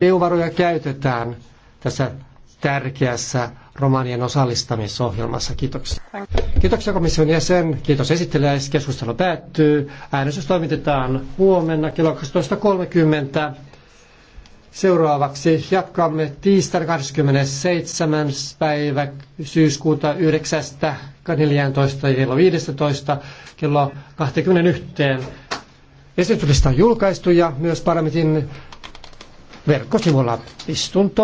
EU-varoja käytetään tässä tärkeässä romanien osallistamisohjelmassa. Kiitoksia. Kiitoksia komission jäsen. Kiitos esittelijäis. Keskustelu päättyy. Äänestys toimitetaan huomenna kello 12.30. Seuraavaksi jatkamme tiistaina 27. päivä syyskuuta 9.14. kello 15 kello 21. Esitysistä on julkaistu ja myös parlamentin verkkosivulla. Istunto